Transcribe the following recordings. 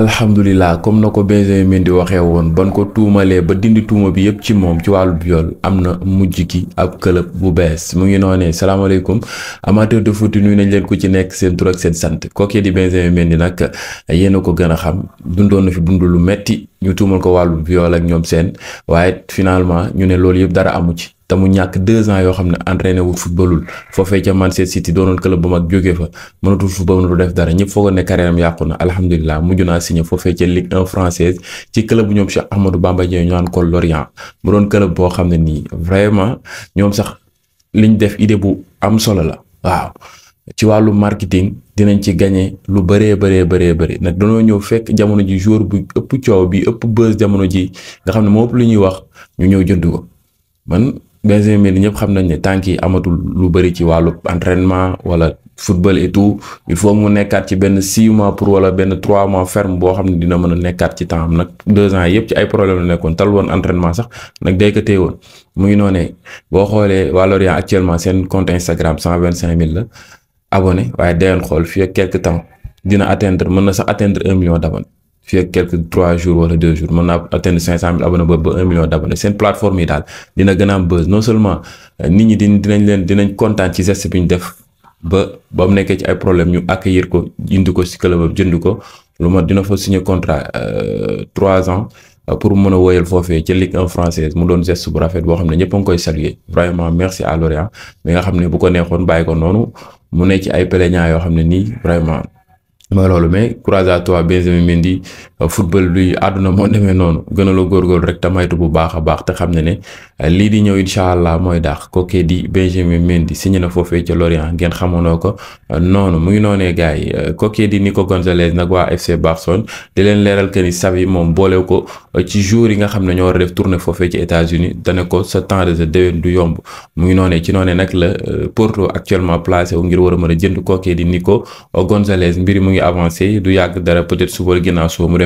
alhamdulilah comme na ko Benjamin Mendy waxee woon ban ko tuumalee ba dindi tuuma bi yëpp ci moom ci wàllu viol am na mujj ki ab club bu bees mu ngi noonee salaamaaleykum amateur de foot nuyu nañ leen ko ci nekk seen tur seen sant kooku di Benjamin Mendy nag yéen a ko gën a xam dundoon na fi dund lu metti ñu tuumal ko wàllu bi viol ak ñoom seen waaye finalement ñu ne loolu yëpp dara amu ci. te mu ñàkk deux ans yoo xam ne entraîné wul footballul foofee ca Manchester City doonoon bu mag jógee fa mënatul football lu def dara ñëpp foogoon ne carrière am yàqu na alhamdulilah mujj signé foofee ca Ligue 1 française ci club bu ñoom Cheikh Ahmadou Bamba Dieng ñu naan ko mu doon club boo xam ne nii vraiment ñoom sax liñ def idée bu am solo la waaw ci wàllu marketing dinañ ci gagné lu bëree bëree bëree bëri nag dañoo ñëw fekk jamono ji jour bu ëpp coow bi ëpp buzz jamono ji nga xam ne moo ëpp lu ñuy wax ñu ñëw jënd ko man Benjamin ñëpp xam nañ ne tànk yi amatul lu bëri ci wàllu entrainement wala football et tout il faut mu nekkaat ci benn six mois pour wala benn trois mois ferme boo xam ne dina mën a nekkaat ci temps nag deux ans yëpp ci ay problème la nekkoon tal woon entraînement sax nag day ko téye woon mu ngi noonee boo xoolee waa Lorient actuellement seen compte Instagram cent vingt cinq mille la abonné waaye dayoon xool fii ak dina atteindre mën na sax atteindre un million d'abonnés fii ak quelque trois jours wala deux jours mën naa atteindre cinq cent mille abonnés ba ba un million d'abonnés seen plateforme yi daal dina gën a non seulement euh, nit ñi dinañ leen dinañ kontaan ci geste bi ñu def. ba ba mu nekkee ci ay problème ñu accueillir ko indi ko si club jënd ko lu ma dina fa signer contrat euh, trois ans euh, pour mu a woyal foofee ci Ligue 1 française mu doon geste bu rafet boo xam ne ñëpp a koy saluer vraiment merci à Lorient mais nga xam ne bu ko neexoon bàyyi ko noonu mu ne ci ay plaignants yoo xam ne nii vraiment mooy loolu mais courage à toi Benjamin Mendy football bi àdduna moo demee noonu gën a la góorgóorlu rek tamaytu bu baax a baax te xam ne ne lii di ñëw incha allah mooy daax kookee di Benjamin Mendy signé na foofee ca Lorient ngeen xamonoo ko noonu mu ngi noonee gars yi kookee di Nico Gonzalez nag waa FC Barcelone di leen leeral que ni moom boole ko ci jour yi nga xam ne ñoo war a def tournée foofee ci États-Unis dana ko sa temps de jeu déwén du yomb mu ngi noonee ci noonee nag la euh, Porto actuellement placé wu ngir war a mën a jënd kookee di Nico Gonzalez mbir mu ngi avancé du yàgg dara peut-être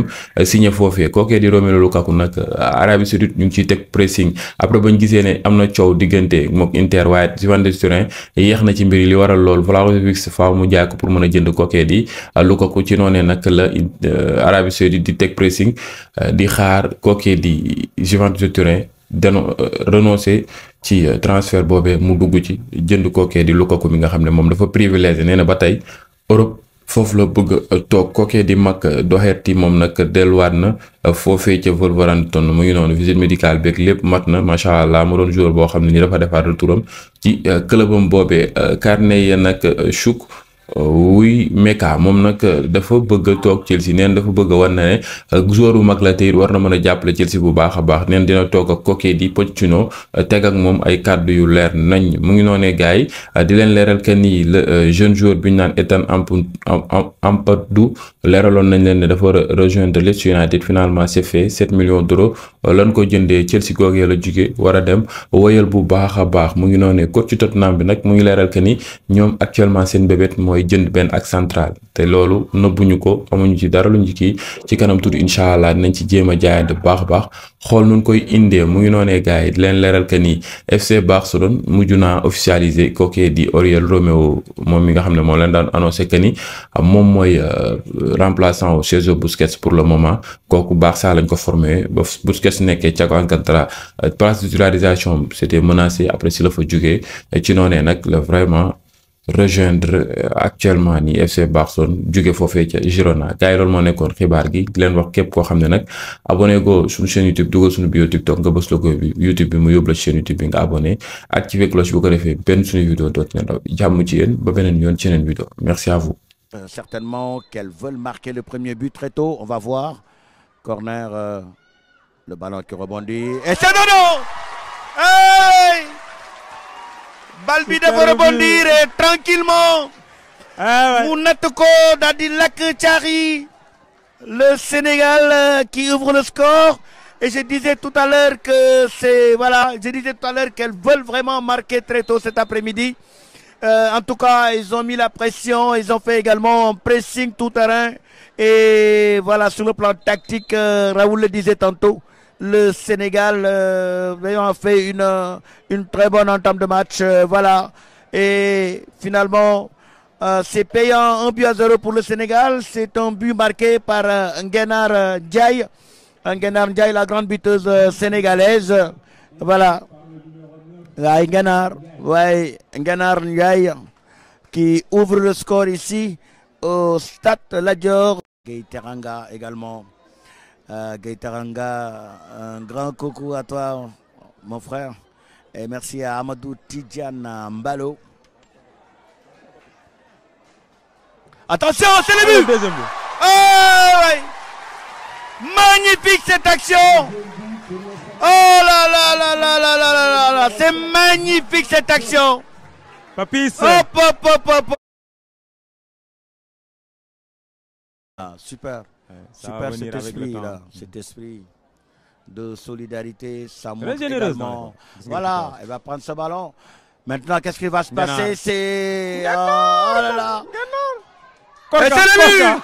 dem euh, signé foofee kookee di Romelu Lukaku nag euh, Arabie Saoudite ñu ngi ciy teg pressing après bañ gisee ne am na coow diggante mook Inter waaye Juventus Turin yeex na ci mbir yi li waral lool Vlahovic faaw mu jaay ko pour mën a jënd kookee di euh, Lukaku ci noonee nag la Arabie Saoudite di teg pressing di xaar kookee di Juventus Turin dano renoncer ci transfert boobee mu dugg ci jënd kookee di mi nga xam ne moom dafa privilégié nee na ba tey Europe foofu la bëgg euh, toog kookee di mag euh, doxeeti moom nag delluwaat na euh, foofee ca Wolverhampton mu muy noonu visite médical beeg lépp mat na macha allah mu doon joueur boo xam ne ni dafa defaat retouram ci clubam boobee carnet ya nag chouk. wuy Meka moom nag euh, dafa bëgg a toog Chelsea neen dafa bëgg a war na ne euh, joueur bu mag la tey war na mën a jàppale Chelsea bu baax a baax neen dina toog ak Koke di Pochettino euh, teg ak moom ay kàddu yu leer nañ mu ngi noonee gars yi di leen leeral que ni le jeune joueur bi ñu naan Ethan du leeraloon nañ leen ne dafa rejoindre Leeds United finalement c'est fait 7 millions d'euros lan ko jëndee Chelsea googee la jóge war a dem woyal bu baax a baax mu ngi noonee coach ci Tottenham bi nag mu ngi leeral que ni ñoom actuellement seen bébét mooy mooy jënd benn ak central te loolu nëbbuñu ko amuñu ci dara lu ci kii ci kanam tuuti incha allah dinañ ci jéem a jaayante bu baax a baax xool nuñ koy indee mu ngi noonee gars leen leeral que ni FC Barcelone mujj naa officialisé kooku di Oriol Romeu moom mi nga xam ne moom leen daan annoncé que ni ah, moom mooy euh, remplaçant au Sergio Busquets pour le moment kooku baax Barça lañ ko formé ba Busquets nekkee Thiago Alcantara euh, place de titularisation c'était menacé après si la fa jugee rejoindre euh, actuellement ni FC Barcelone jóge foofee ca Girona gars yi moo nekkoon xibaar gi leen wax képp koo xam ne nag abonné go suñu chaîne YouTube dugal suñu bio TikTok nga bës logo bi YouTube bi mu yóbbu la chaîne YouTube bi nga abonné activé cloche bu ko defee benn suñu vidéo dootu ne daw jàmm ci yéen ba beneen yoon ci yeneen vidéo merci à vous. Euh, certainement qu'elles veulent marquer le premier but très tôt on va voir corner euh, bal bi dafa rebondir tranquillement ah mu natt ko daal di lakk caax yi le Sénégal euh, qui ouvre le score et je disais tout à l'heure que c'est voilà je disais tout à l'heure qu'elles veulent vraiment marquer très tôt cet après-midi euh, en tout cas ils ont mis la pression ils ont fait également un pressing tout terrain et voilà sur le plan tactique euh, Raoul le disait tantôt le Sénégal euh, ayant fait une, euh, une très bonne entame de match. Euh, Et finalement, euh, c'est payant un but à zéro pour le Sénégal. C'est un but marqué par Nguenar Ndiaye. Nguenar Ndiaye, la grande buteuse sénégalaise. Voilà. Là, Nguenar. qui ouvre le score ici au Stade Ladior. Gay Teranga également. Euh, Gaïtaranga, un grand coucou à toi, mon frère. Et merci à Amadou Tidjan Mbalo. Attention, c'est le but oh, Magnifique cette action Oh là là là là là C'est magnifique cette action ah, Super Ça Super cet mhm. esprit de solidarité, ça Voilà, elle va prendre ce ballon. Maintenant, qu'est-ce qui va se passer C'est... Oh, oh là le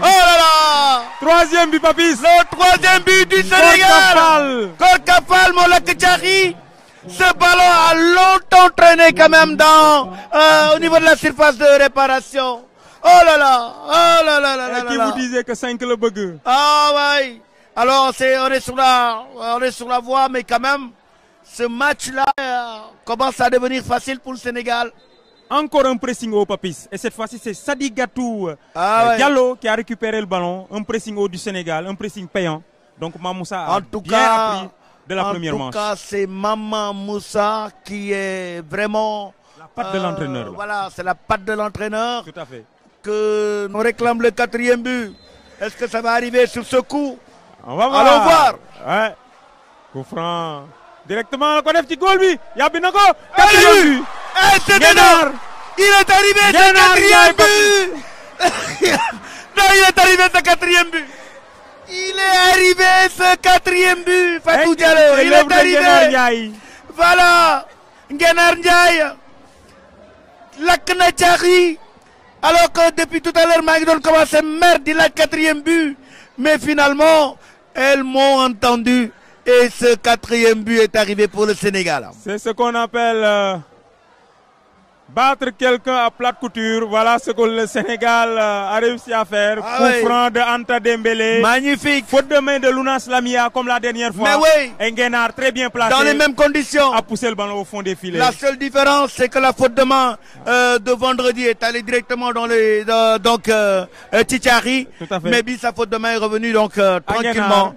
oh Troisième. but, Papis Le troisième but du Sénégal Korkafal, Molakachari a longtemps traîné quand même dans, euh, la surface de réparation. Oh là là Oh là là eh, qui vous disait que 5 le bug ah Alors c'est, sur la, on est sur la voie, mais quand même, ce match-là euh, commence à devenir facile pour le Sénégal. Encore un pressing au Papis. Et cette fois-ci, c'est Sadigatou euh, ah, euh, Diallo ouais. qui a récupéré le ballon. Un pressing haut du Sénégal, un pressing payant. Donc Mamoussa a en de la première manche. c'est Maman Moussa qui est vraiment... La patte de euh, l'entraîneur. la que on réclame le quatrième but Est-ce que ça va arriver sur ce coup On va voir allons directement la ko def ci bi yàbbi na et c'est Ndenar il est arrivé sa quatrième but. il est arrivé sa quatrième but. il est arrivé ce quatrième but. Fatou Diallo il est arrivé voilà Ngenar Ndiaye lakk na alors que depuis tout à l'heure maa ngi doon commencé mer di laaj quatrième but mais finalement elles m'ont entendu et ce quatrième but est arrivé pour le Sénégal. C'est ce qu'on appelle euh... battre quelqu'un à plate couture voilà ce que le Sénégal euh, a réussi à faire. Ah coup oui. franc de Anta Dembélé. magnifique faute de main de Lounas Lamia comme la dernière fois. mais oui et Nguenar très bien placé. dans les mêmes conditions a poussé le ballon au fond des filets. la seule différence c'est que la faute de euh, de vendredi est allée directement dans les donc euh, Tchitchari. mais bi sa faute de est revenue donc. tranquillement